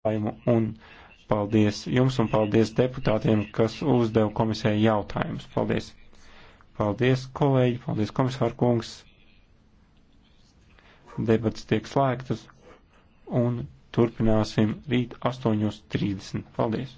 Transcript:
jautājumu un paldies jums un paldies deputātiem, kas uzdeva komisē jautājumus. Paldies. Paldies, kolēģi, paldies, komisāra kungs. Debats tiek slēgtas un turpināsim rīt 8.30. Paldies.